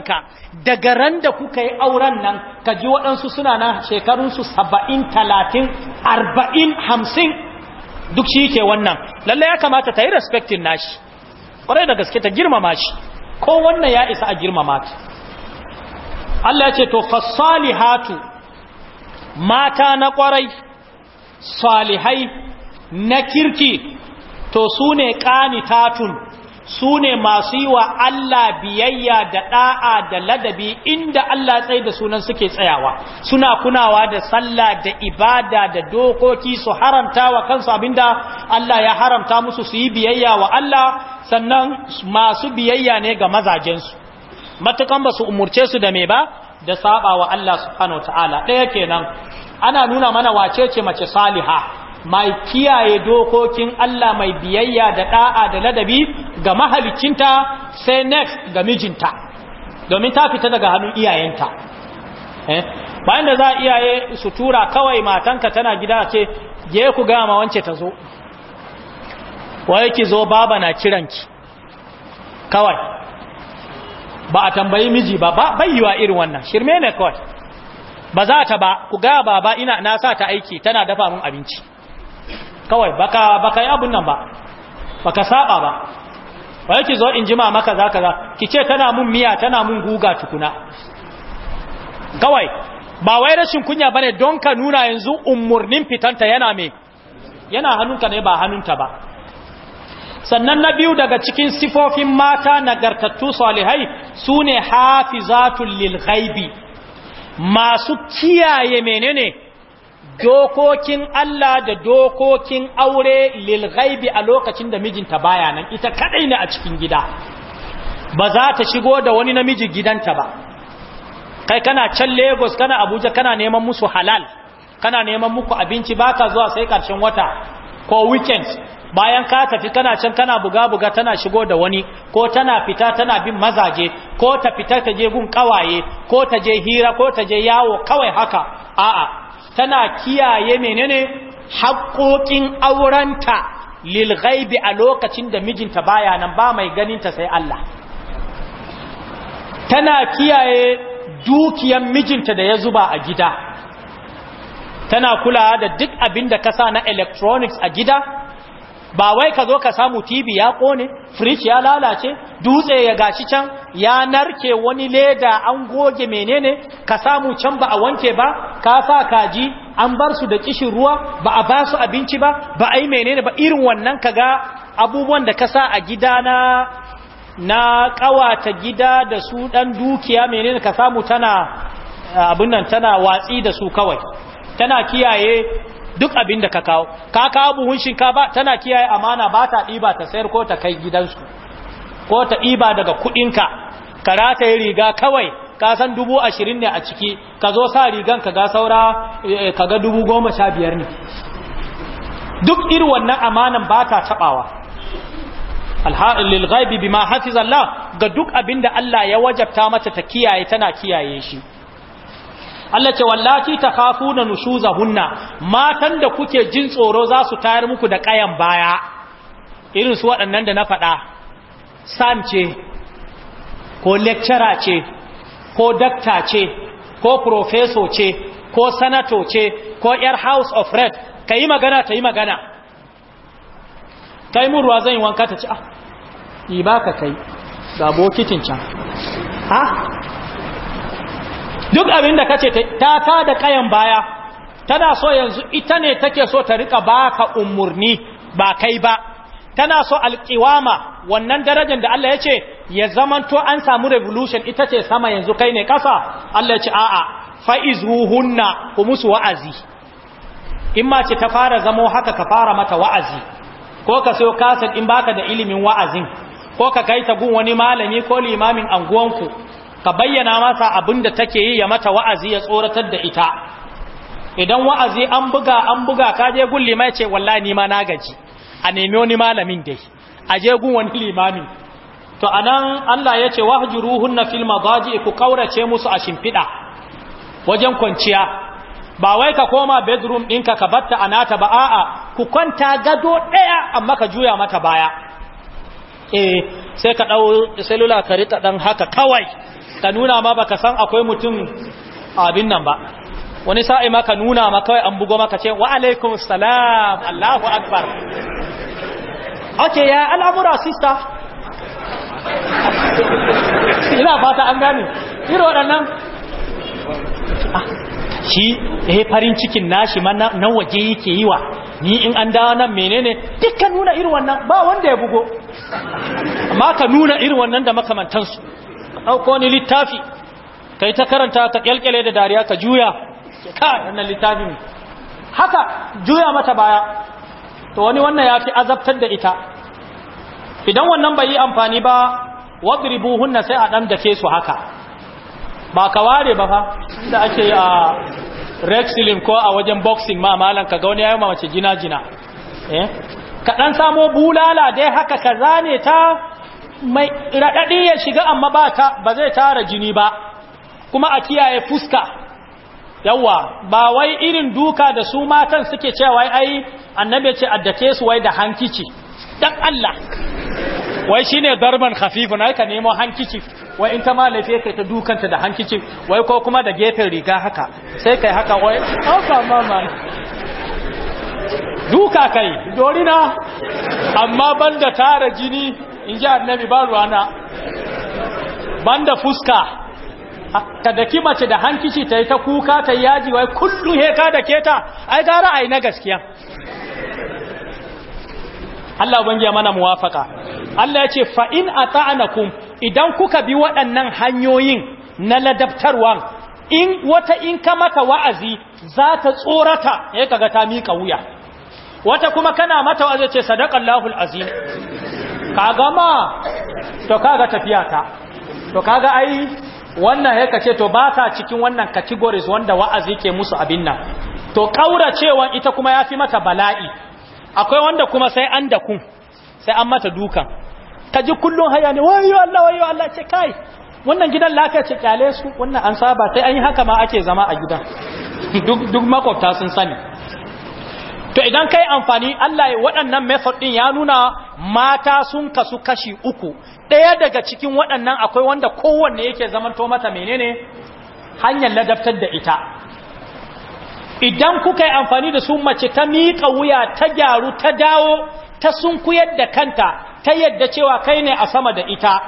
A: ka daga ran da kuka yi auren nan ka ji waɗansu suna nan shekarunsu saba'in talatin arba'in hamsin duk shi ke wannan lalle ya kamata ta yi respectin nashi ƙwarai da gaske ta girmama shi ko wannan ya isa a girmama ta Allah ya ce to fasalihatu hatu mata na kwarai salihai na kirki to su ne ƙani tatun su ne masu yi wa Allah biyayya da ɗa'a da ladabi inda Allah tsaye da sunan suke tsayawa suna kunawa da sallah da ibada da dokoki su haramta wa kansu abinda Allah ya haramta musu su yi biyayya wa Allah sannan masu biyayya ne ga mazajensu matukan ba su umurce su da me ba da saba wa Allah subhanahu wa ta'ala ɗaya kenan ana nuna mana wace ce mace saliha mai kiyaye dokokin Allah mai biyayya da ɗa'a da ladabi ga mahalicinta sai next ga mijinta domin ta fita daga hannun iyayenta eh, bayan da za iyaye su tura kawai matanka tana gida ce je ku ga wance ta zo waye ki zo baba na kiranki kawai ba a tambayi miji ba yiwa irin wannan shirme ne kawai ba za ta ba ku ga baba ina na sa ta aiki tana dafa mun abinci kawai baka baka yi abun nan ba baka saba ba ba yake zo in jima maka za kaza ki ce tana mun miya tana mun guga tukuna kawai ba wai rashin kunya bane don ka nuna yanzu umurnin fitanta yana me yana hannunka ne ba hannunta ba sannan na biyu daga cikin sifofin mata nagartattu salihai sune hafizatul lil ghaibi masu kiyaye menene dokokin Allah da dokokin aure lil ghaibi a lokacin da mijinta baya nan ita kadai ne a cikin gida ba za ta shigo da wani namiji gidanta ba kai kana can Lagos kana Abuja kana neman musu halal kana neman muku abinci baka zuwa sai karshen wata ko weekend bayan ka tafi kana can kana buga-buga tana shigo da wani ko tana fita tana bin mazaje ko ta fita ta je gun kawaye ko ta je hira ko ta je yawo kawai haka a'a tana kiyaye menene haƙoƙin aurenta lil a lokacin da mijinta baya nan ba mai ganinta sai Allah tana kiyaye dukiyan mijinta da ya zuba a gida tana kulawa da duk abin da ka sa na electronics a gida ba wai ka zo ka samu TV ya kone firij ya lalace dutse ya gashi can ya narke wani leda an goge menene ka samu can ba a wanke ba ka sa kaji an bar su da kishin ruwa ba a basu abinci ba ba ai menene ba irin wannan ka ga abubuwan da ka sa a gida na na kawata gida da su dan dukiya menene ka samu tana abin nan tana watsi da su kawai tana kiyaye duk abin da ka kawo ka kawo buhun shinkafa tana kiyaye amana ba ta ɗiba ta sayar ko ta kai gidansu ko ta ɗiba daga kuɗinka ka rataye riga kawai ka san dubu ashirin ne a ciki ka zo sa rigan ka ga saura eh, ka ga dubu goma sha biyar ne duk irin wannan amanan ba ta taɓawa lilghaibi bima hafizallah ga duk abinda Allah ya wajabta mata ta kiyaye tana kiyaye shi Allah ce wallati takhafuna nushuzahunna matan da kuke jin tsoro za su tayar muku da kayan baya irin su waɗannan da na faɗa san ce ko lecturer ce ko dakta ce ko professor ce ko sanato ce ko yar house of red ka yi magana ta yi magana ta yi murwa zan yi wanka ta ci ah yi ba ka kai ga bokitin can ha ah, duk abin da ce ta ta da kayan baya tana so yanzu ita ne take so ta rika baka umurni ba kai ba tana so alƙiwama wannan darajar da Allah ya ce ya zamanto an samu revolution ita ce sama yanzu kai ne kasa Allah ya ce a'a fa'izuhunna ku musu wa'azi in ma ce ta fara zamo haka ka fara mata wa'azi ko ka sayo kasar in baka da ilimin wa'azin ko ka kai ta gun wani malami ko limamin anguwanku ka bayyana masa abin da take yi ya mata wa'azi ya tsoratar da ita idan wa'azi an buga an buga ka je gun limai ce wallahi ni ma na gaji a nemi wani malamin dai a je gun wani limamin to anan Allah ya ce wahjuruhunna fil madaji ku kaurace musu a shimfiɗa. wajen kwanciya ba wai ka koma bedroom ɗinka ka batta nata ba a'a ku kwanta gado ɗaya amma ka juya mata baya eh sai ka ɗau selula ka rita ɗan haka kawai ka nuna ma baka san akwai mutum abin nan ba wani sa'i ma ka nuna ma kawai an bugo maka ce wa alaikum salam Allahu akbar okay ya al'amura sister ina fata an gane irin waɗannan ah, shi eh farin cikin nashi ma na waje yake yi wa ni in an dawo nan menene dukkan nuna irin wannan ba wanda ya bugo amma ka nuna irin wannan da makamantansu ɗauko wani littafi kai ta karanta ka kyalkyale da dariya ka juya ka littafi ne haka juya mata baya to wani wannan ya fi azabtar da ita idan wannan bai yi amfani ba wadribu hunna sai a ɗan ke su haka ba ka ware ba fa da ake a wrestling ko a wajen boxing ma malan ka ga wani yayin mace jina jina eh ka dan samo bulala dai haka ka zane ta mai raɗaɗi ya shiga amma ba ta ba zai tara jini ba kuma a kiyaye fuska yawa ba wai irin duka da su matan suke cewa ai annabi ce addake su wai da hankici dan Allah wai shine darban khafifu na ka nemo hankici wai in ta malafe kai ta dukanta da hankici wai ko kuma da gefen riga haka sai kai haka wai haka mama duka kai dorina amma banda tara jini in ji annabi ba ruwana banda fuska ka daki mace da hankici ta yi ta kuka ta yaji wai kullum he ka dake ai gara ai na gaskiya Allah ubangiya mana muwafaka Allah ya ce fa in ata'anakum idan kuka bi waɗannan hanyoyin na ladabtarwa in wata in ka mata wa'azi za ta tsorata ya kaga ta mika wuya wata kuma kana mata wa'azi ce sadaqallahu alazim ka gama to kaga tafiya ta to kaga ai wannan ya kace to ba ta cikin wannan categories wanda wa'azi ke musu abin nan to kauracewan ita kuma fi mata bala'i akwai wanda kuma sai an da kun sai an mata dukan ji kullun haya ne wayo Allah wayo Allah ce kai wannan gidan lafiya ce kyale su wannan an saba sai an yi haka ma ake zama a gidan duk duk makwabta sun sani to idan kai amfani Allah ya waɗannan method din ya nuna mata sun kasu kashi uku ɗaya daga cikin waɗannan akwai wanda kowanne yake zamanto mata menene hanyar ladabtar da ita idan kuka yi amfani da su mace ta miƙa wuya ta gyaru ta dawo ta sun kuyar da kanta ta yadda cewa kai ne a sama da ita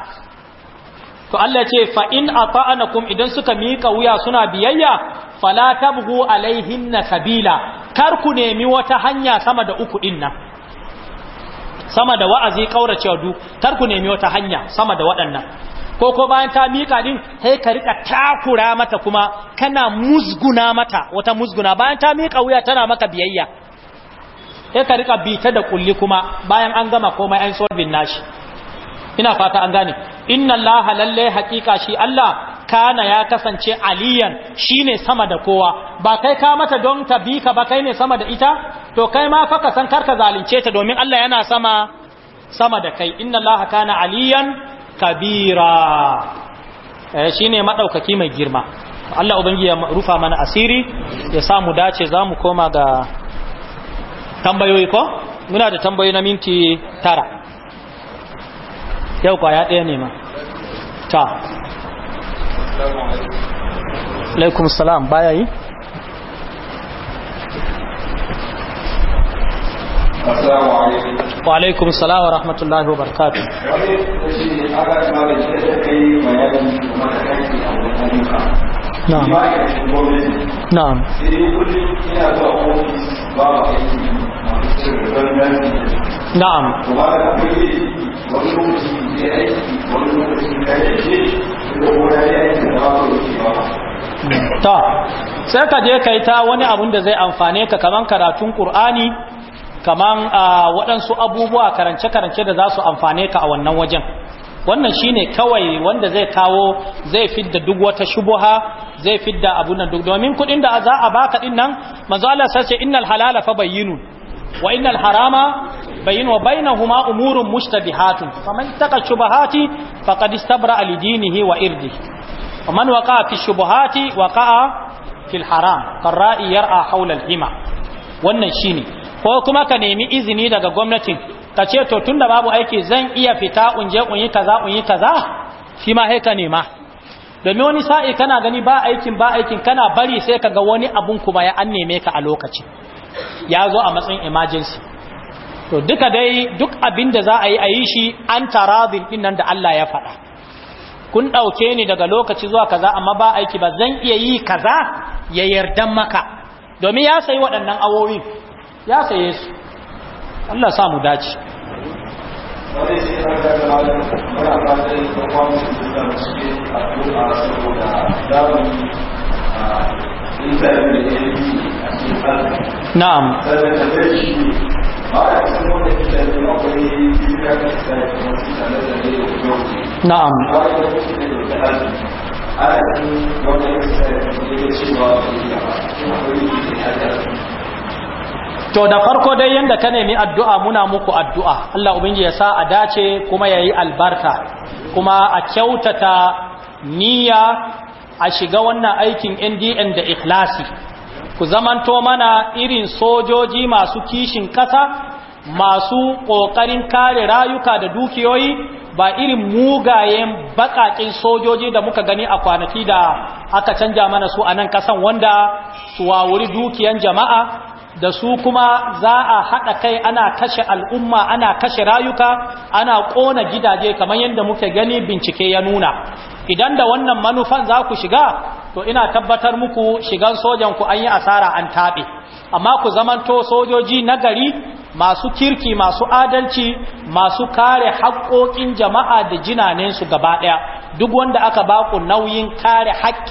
A: to Allah ce fa in ata'anakum idan suka miƙa wuya suna biyayya fala tabghu alaihinna sabila kar ku nemi wata hanya sama da uku din nan sama da wa'azi kauracewa du kar ku nemi wata hanya sama da waɗannan ko ko bayan ta mika din sai ka rika takura mata kuma kana musguna mata wata musguna bayan ta mika wuya tana maka biyayya sai ka rika bita da kulli kuma bayan an gama komai an solving nashi ina fata an gane inna laha lalle hakika shi allah kana ya kasance aliyan shine sama da kowa ba kai ka mata don ta bika ba kai ne sama da ita to kai ma fa ka san karka zalunce ta domin Allah yana sama sama da kai inna Allah kana aliyan kabira eh shine madaukaki mai girma Allah ubangi ya rufa mana asiri ya samu dace zamu koma ga tambayoyi ko muna da tambayoyi na minti tara yau kwaya ɗaya ne ma ta alaikum salam baya yi Assalamu Wa alaikum salam wa rahmatullahi wa barakatuh. da
B: kai a Na'am. Sai aiki wani aiki wani ko aiki ka ba.
A: Ta sai ka je kai ta wani abun da zai amfane ka kaman karatun Qur'ani kaman waɗansu abubuwa karance-karance da za su amfane ka a wannan wajen wannan shine kawai wanda zai kawo zai fidda duk wata shubuha zai fidda abunan duk domin kuɗin da za a baka ɗinnan nan manzo Allah innal halala fa bayyinun wa innal harama bayyin wa bainahuma umurun mushtabihatun faman taqa shubahati faqad istabra li dinihi wa irdi faman waqa fi shubuhati waqa fil haram qarra'i yar'a hawla al hima wannan shine ko kuma ka nemi izini daga gwamnatin ka ce to tunda babu aiki zan iya fita unje unyi kaza unyi kaza shi ma haika nema domin wani sa'i kana gani ba aikin ba aikin kana bari sai ka ga wani abun kuma ya an neme ka a lokaci ya zo a matsayin emergency to duka dai duk abin da za a yi a yi shi an tara din nan da Allah ya faɗa kun ɗauke ni daga lokaci zuwa kaza amma ba aiki ba zan iya yi kaza ya yardan maka domin ya sayi waɗannan awowi ya saye su Allah samu mu dace na'am na'am
B: ana cikin wani yasa da ya ce wa wani
A: to da farko dai yanda ka nemi addu'a muna muku addu'a Allah ubangi ya sa a dace kuma yayi albarka kuma a kyautata niyya a shiga wannan aikin NDN da ikhlasi ku zamanto mana irin sojoji masu kishin ƙasa masu ƙoƙarin kare rayuka da dukiyoyi ba irin mugayen bakakin sojoji da muka gani a kwanaki da aka canja mana su a nan ƙasan wanda su wawuri dukiyan jama'a da su kuma za a haɗa kai ana kashe al'umma ana kashe rayuka ana ƙona gidaje kamar yadda muke gani bincike ya nuna idan da wannan manufan za ku shiga to ina tabbatar muku shigan sojanku an yi asara an taɓe amma ku zamanto sojoji nagari masu kirki masu adalci masu kare haƙoƙin jama'a da jinanensu gaba ɗaya duk wanda aka baku nauyin kare haƙƙi